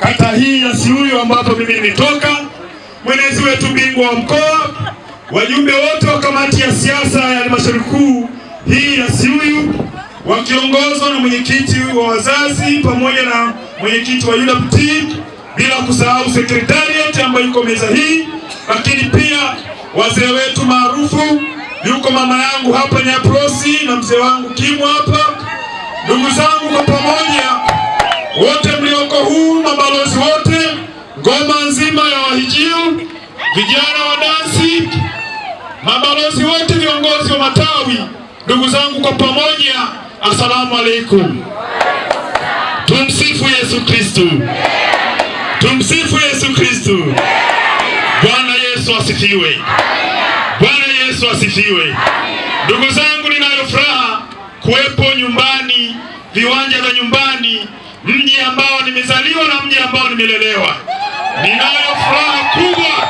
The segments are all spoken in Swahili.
kata hii ya Siuyu ambapo mimi nimetoka. Mwenyezi wetu bingwa wa mkoa, wajumbe wote wa kamati ya siasa ya halmashauri kuu hii ya Siuyu wakiongozwa na mwenyekiti wa wazazi pamoja na mwenyekiti wa UWT, bila kusahau sekretariat ambayo yuko meza hii, lakini pia wazee wetu maarufu, yuko mama yangu hapa Nyaprosi na mzee wangu Kimwa hapa, ndugu zangu kwa pamoja wote mlioko huu, mabalozi wote, ngoma nzima ya wahijiu vijana wa dansi, mabalozi wote, viongozi wa matawi, ndugu zangu, kwa pamoja, asalamu alaikum. Tumsifu Yesu Kristo, tumsifu Yesu Kristo. Bwana Yesu asifiwe, Bwana Yesu asifiwe. Ndugu zangu, ninayo furaha kuwepo nyumbani, viwanja vya nyumbani mji ambao nimezaliwa na mji ambao nimelelewa. Ninayo furaha kubwa,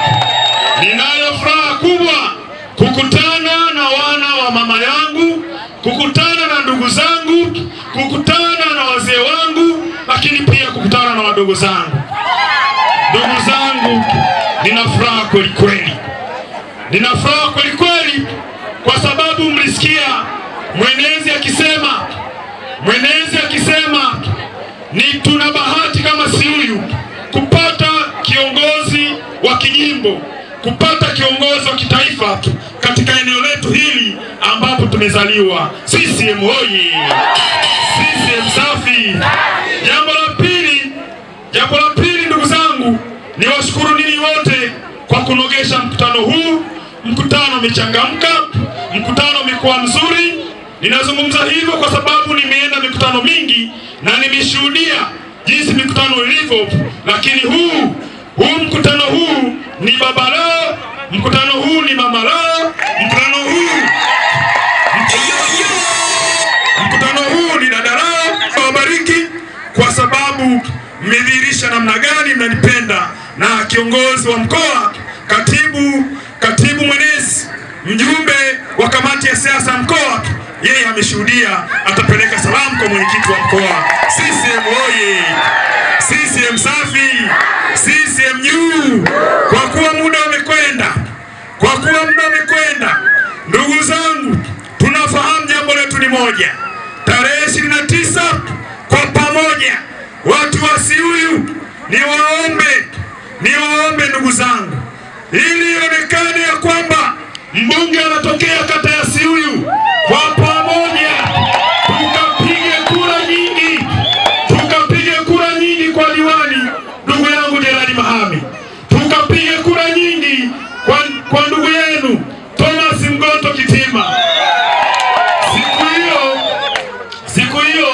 ninayo furaha kubwa kukutana na wana wa mama yangu, kukutana na ndugu zangu, kukutana na wazee wangu, lakini pia kukutana na wadogo zangu. Ndugu zangu, nina furaha kweli kweli, nina furaha kweli kweli kwa sababu mlisikia mwenezi akisema mwenezi akisema ni tuna bahati kama si huyu kupata kiongozi wa kijimbo, kupata kiongozi wa kitaifa katika eneo letu hili ambapo tumezaliwa. CCM hoye! CCM safi! Jambo la pili, jambo la pili, ndugu zangu, ni washukuru ninyi wote kwa kunogesha mkutano huu. Mkutano umechangamka, mkutano umekuwa mzuri. Ninazungumza hivyo kwa sababu nimeenda mikutano mingi na nimeshuhudia jinsi mikutano ilivyo, lakini huu huu mkutano huu ni baba lao, mkutano huu ni mama lao, mkutano huu mkutano huu ni dada lao. kwa sababu mmedhihirisha namna gani mnanipenda, na kiongozi wa mkoa, katibu katibu mwenezi, mjumbe wa kamati ya siasa mkoa yeye ameshuhudia, atapeleka salamu kwa mwenyekiti wa mkoa. CCM oye! CCM safi! CCM juu! Kwa kuwa muda umekwenda, kwa kuwa muda umekwenda, ndugu zangu, tunafahamu jambo letu ni moja, tarehe 29 kwa pamoja, watu wa Siuyu, ni waombe ni waombe ndugu zangu, ili ionekane ya kwamba mbunge anatokea kata ya Siuyu. kwa ndugu yenu Thomas Mgoto Kitima. Siku hiyo siku hiyo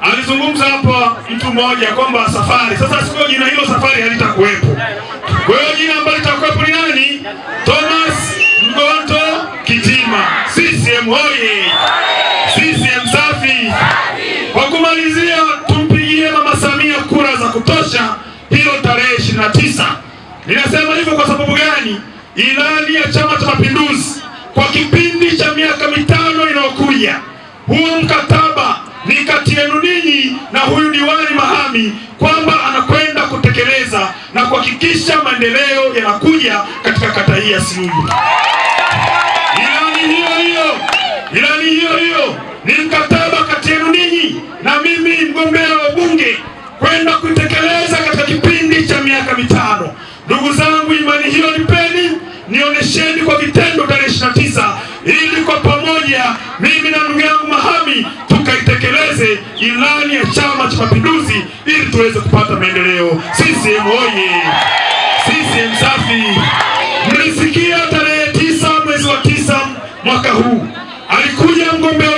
alizungumza hapa mtu mmoja kwamba safari sasa, siku hiyo jina hilo safari halitakuwepo. Kwa hiyo jina ambalo litakuwepo ni nani? Thomas Mgoto Kitima. CCM oye CCM safi! Kwa kumalizia, tumpigie Mama Samia kura za kutosha hiyo tarehe 29. Ninasema hivyo kwa sababu gani? Ilani ya Chama cha Mapinduzi kwa kipindi cha miaka mitano inayokuja. Huu mkataba ni kati yenu ninyi na huyu diwani Mahami, kwamba anakwenda kutekeleza na kuhakikisha maendeleo yanakuja katika kata hii ya Simiyu. Ilani hiyo hiyo, ilani hiyo hiyo ni mkataba kati yenu ninyi na mimi mgombea wa bunge kwenda kutekeleza katika kipindi cha miaka mitano. Ndugu zangu, imani hiyo nipeni, nionesheni kwa vitendo tarehe 29 ili kwa pamoja mimi na ndugu yangu Mahami tukaitekeleze ilani ya Chama cha Mapinduzi ili tuweze kupata maendeleo. CCM oye! CCM safi! Mlisikia tarehe tisa mwezi wa tisa mwaka huu alikuja mgombea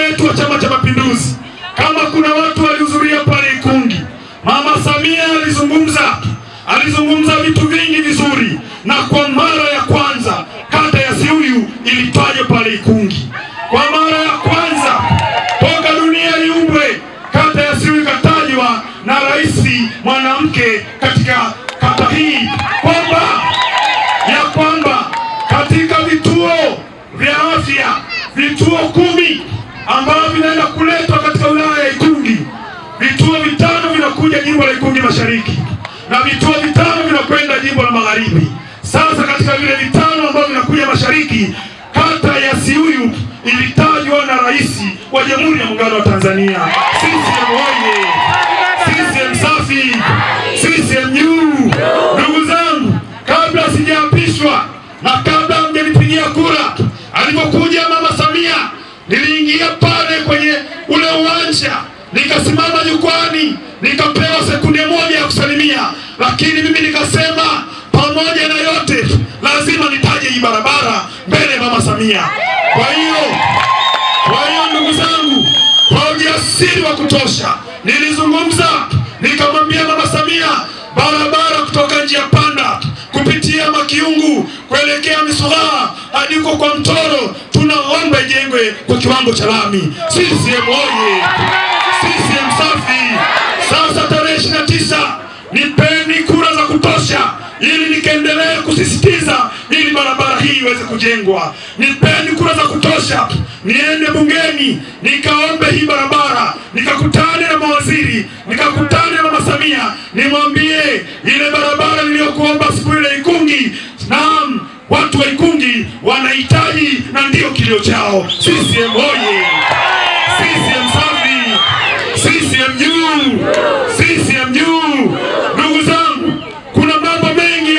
vya afya, vituo kumi ambavyo vinaenda kuletwa katika wilaya ya Ikungi. Vituo vitano vinakuja jimbo la Ikungi Mashariki na vituo vitano vinakwenda jimbo la Magharibi. Sasa katika vile vitano ambavyo vinakuja mashariki, kata ya Siuyu ilitajwa na Rais wa Jamhuri ya Muungano wa Tanzania. CCM oye! CCM safi! CCM juu! Ndugu zangu, kabla sijaapishwa na kabla maisha, nikasimama jukwani, nikapewa sekunde moja ya kusalimia, lakini mimi nikasema pamoja na yote lazima nitaje hii barabara mbele ya mama Samia. Kwa hiyo kwa hiyo ndugu zangu, kwa ujasiri wa kutosha nilizungumza, nikamwambia mama Samia, barabara kutoka njia panda kupitia kupitia Makiungu kuelekea Misuraha hadi huko kwa Mtoro, tunaomba ijengwe kwa kiwango cha lami. CCM oye! CCM safi! Sasa tarehe ishirini na tisa nipeni kura za kutosha, ili nikaendelee kusisitiza ili barabara hii iweze kujengwa. Nipeni kura za kutosha, niende bungeni nikaombe hii barabara watu wa Ikungi wanahitaji na ndio kilio chao. CCM oye! CCM safi! CCM juu! CCM juu! Ndugu zangu, kuna mambo mengi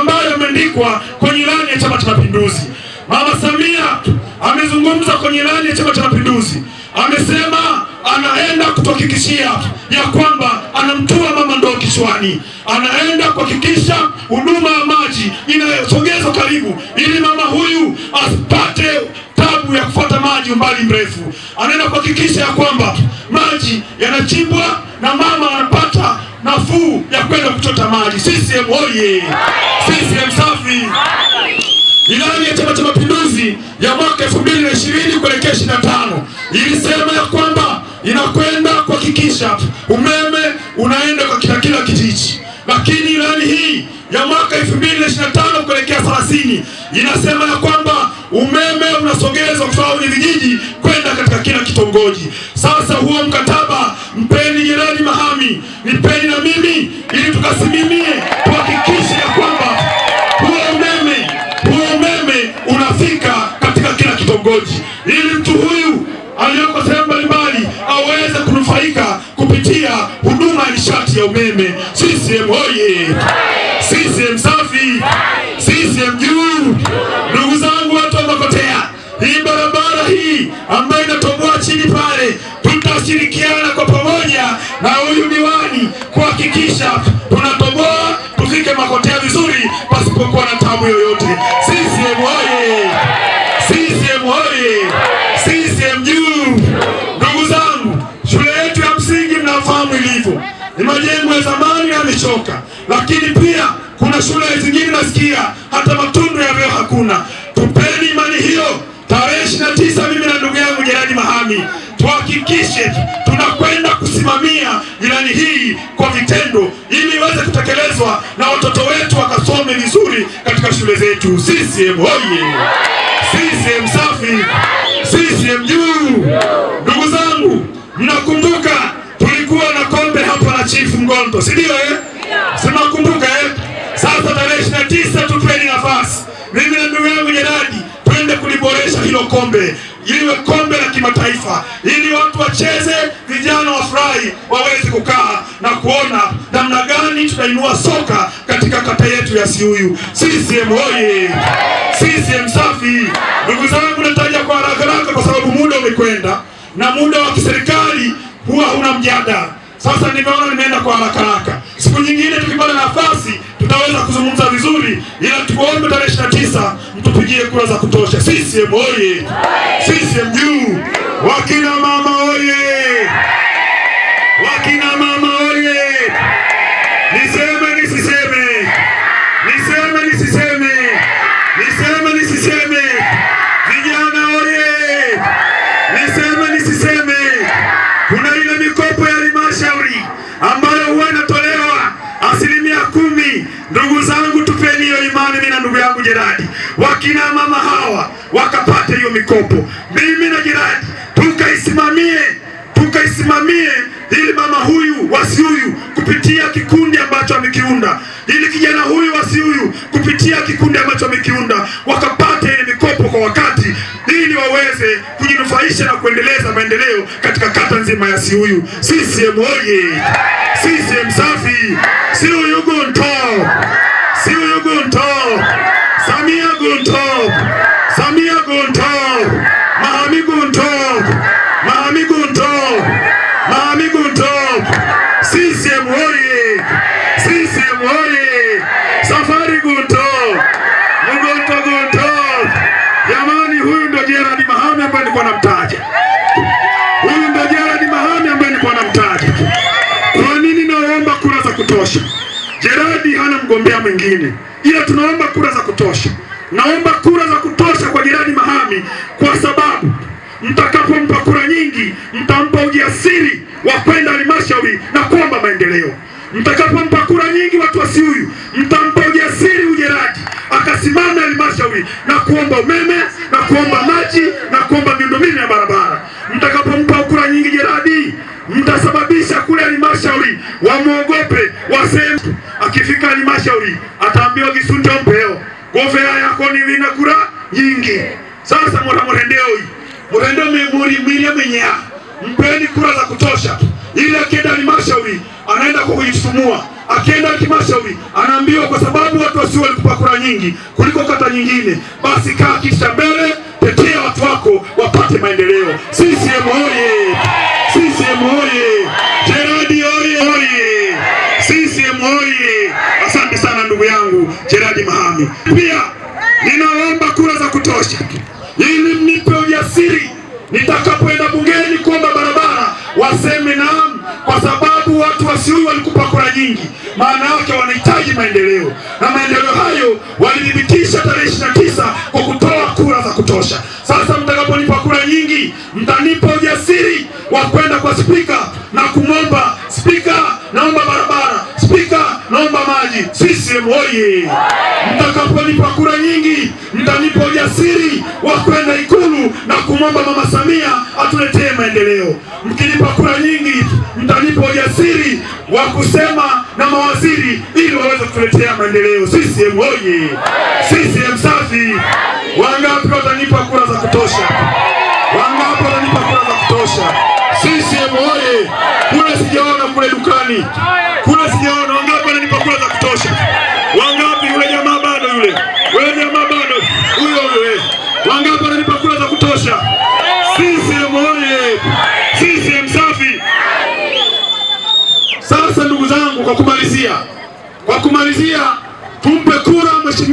ambayo yameandikwa kwenye ilani ya Chama cha Mapinduzi. Mama Samia amezungumza kwenye ilani ya Chama cha Mapinduzi, amesema anaenda kutuhakikishia ya kwamba anamtua mama ndoo kichwani, anaenda kuhakikisha huduma ya maji inayosogezwa karibu, ili mama huyu asipate tabu ya kufuata maji umbali mrefu. Anaenda kuhakikisha ya kwamba maji yanachimbwa na mama anapata nafuu ya kwenda kuchota maji. CCM oye! CCM safi! Ilani ya Chama cha Mapinduzi ya mwaka ishirini kuelekea tano ilisema ya kwamba inakwenda kuhakikisha umeme unaenda kwa kila kila kijiji, lakini ilani hii ya mwaka 2025 kuelekea 30 inasema ya kwamba umeme unasogezwa kutoka kwenye vijiji kwenda katika kila kitongoji. Sasa huo mkataba mpeni jirani mahami, nipeni na mimi ili tukasimimie nishati ya umeme. CCM hoye! CCM safi! CCM juu! Ndugu zangu, watu wamepotea. Hii barabara hii ambayo inatoboa chini pale, tutashirikiana kwa pamoja na huyu diwani kuhakikisha tunatoboa tufike Makotea vizuri pasipokuwa na tabu yoyote. CCM hoye! ni majengo ya zamani yamechoka, lakini pia kuna shule zingine nasikia hata matundu yavyo hakuna. Tupeni imani hiyo. Tarehe ishirini na tisa mimi na ndugu yangu jirani Mahami tuhakikishe tunakwenda kusimamia jirani hii kwa vitendo, ili iweze kutekelezwa na watoto wetu wakasome vizuri katika shule zetu. CCM oye CCM safi! CCM juu! Ndugu zangu, mnakumbuka Mgonto, si ndio eh? Tunakumbuka eh? Sasa tarehe ishirini na tisa tupeni nafasi, mimi na ndugu yangu Jeradi twende kuliboresha hilo kombe, iliwe kombe la kimataifa, ili watu wacheze, vijana wafurahi, waweze kukaa na kuona namna gani tutainua soka katika kata yetu ya Siuyu. CCM oye! CCM safi! Ndugu zangu, nataja kwa haraka haraka kwa sababu muda umekwenda na muda wa kiserikali huwa huna mjadala. Sasa nimeona nimeenda kwa haraka. Siku nyingine tukipata nafasi tutaweza kuzungumza vizuri, ila tukuombe tarehe ishirini na tisa mtupigie kura za kutosha. CCM oye! CCM juu! wakina mama Jeradi, wakina mama hawa wakapata hiyo mikopo. Mimi na Jeradi tukaisimamie, tukaisimamie ili mama huyu wasi huyu kupitia kikundi ambacho amekiunda, ili kijana huyu wasi huyu kupitia kikundi ambacho amekiunda, wakapate ile mikopo kwa wakati, ili waweze kujinufaisha na kuendeleza maendeleo katika kata nzima ya Siuyu. CCM oye! CCM safi! Siuyu gonto! ambaye nilikuwa namtaja. Huyu ndio Gerald Mahami ambaye nilikuwa namtaja. Kwa nini naomba kura za kutosha? jeradi hana mgombea mwingine, ila tunaomba kura za kutosha. Naomba kura za kutosha kwa jeradi mahami kwa sababu mtakapompa kura nyingi, mtampa ujasiri wa kwenda halmashauri na kuomba maendeleo. Mtakapompa kura nyingi watu wasi huyu mtampa ujasiri ujeradi akasimama halmashauri na kuomba umeme vina kura nyingi. Sasa mwanamurendeo hii murendeo mimuri mwirie menyea, mpeni kura za kutosha ili akienda halmashauri anaenda kwa kujisumua akienda halmashauri anaambiwa kwa sababu watu wasio walikupa kura nyingi kuliko kata nyingine, basi kaa kisha mbele, tetea watu wako wapate maendeleo. CCM oye! CCM oye! Jeradi oye! oye! CCM oye! Asante sana ndugu yangu Jeradi Mahami pia nitakapoenda bungeni kuomba barabara waseme naam, kwa sababu watu wa walikupa kura nyingi, maana yake wanahitaji maendeleo, na maendeleo hayo walidhibitisha tarehe ishirini na tisa kwa kutoa kura za kutosha. Sasa mtakaponipa kura nyingi, mtanipa ujasiri wa kwenda kwa spika na kumwomba spika, naomba barabara, spika naomba maji. CCM oye! Mtakaponipa kura nyingi, mtanipa ujasiri wa kwenda Ikulu na kumwomba mama mtuletee maendeleo. Mkinipa kura nyingi, mtanipa ujasiri wa kusema na mawaziri ili waweze kutuletea maendeleo. CCM oye! CCM safi! Wangapi watanipa kura za kutosha? Wangapi watanipa kura za kutosha? CCM oye! Kule sijaona kule dukani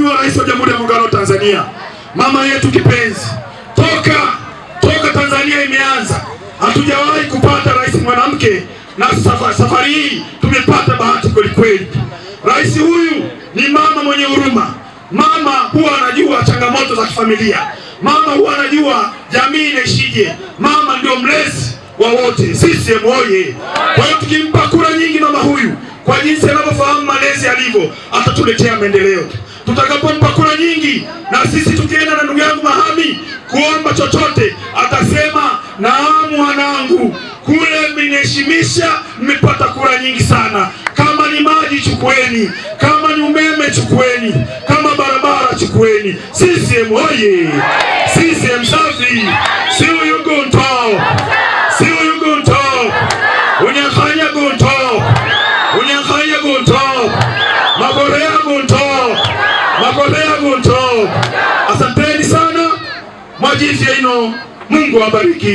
Mheshimiwa Rais wa Jamhuri ya Muungano wa Tanzania, mama yetu kipenzi, toka toka Tanzania imeanza hatujawahi kupata rais mwanamke, na safari hii tumepata bahati kweli kweli. Rais huyu ni mama mwenye huruma. Mama huwa anajua changamoto za kifamilia, mama huwa anajua jamii inaishije. Mama ndio mlezi wa wote, CCM oye! Kwa hiyo tukimpa kura nyingi mama huyu, kwa jinsi anavyofahamu malezi alivyo, atatuletea maendeleo tutakapompa kura nyingi, na sisi tukienda na ndugu yangu Mahami kuomba chochote, atasema naam, wanangu kule mmeniheshimisha, mmepata kura nyingi sana. Kama ni maji chukueni, kama ni umeme chukueni, kama barabara chukueni. CCM oye! CCM safi! siuyuguntao jinsi ya ino. Mungu awabariki.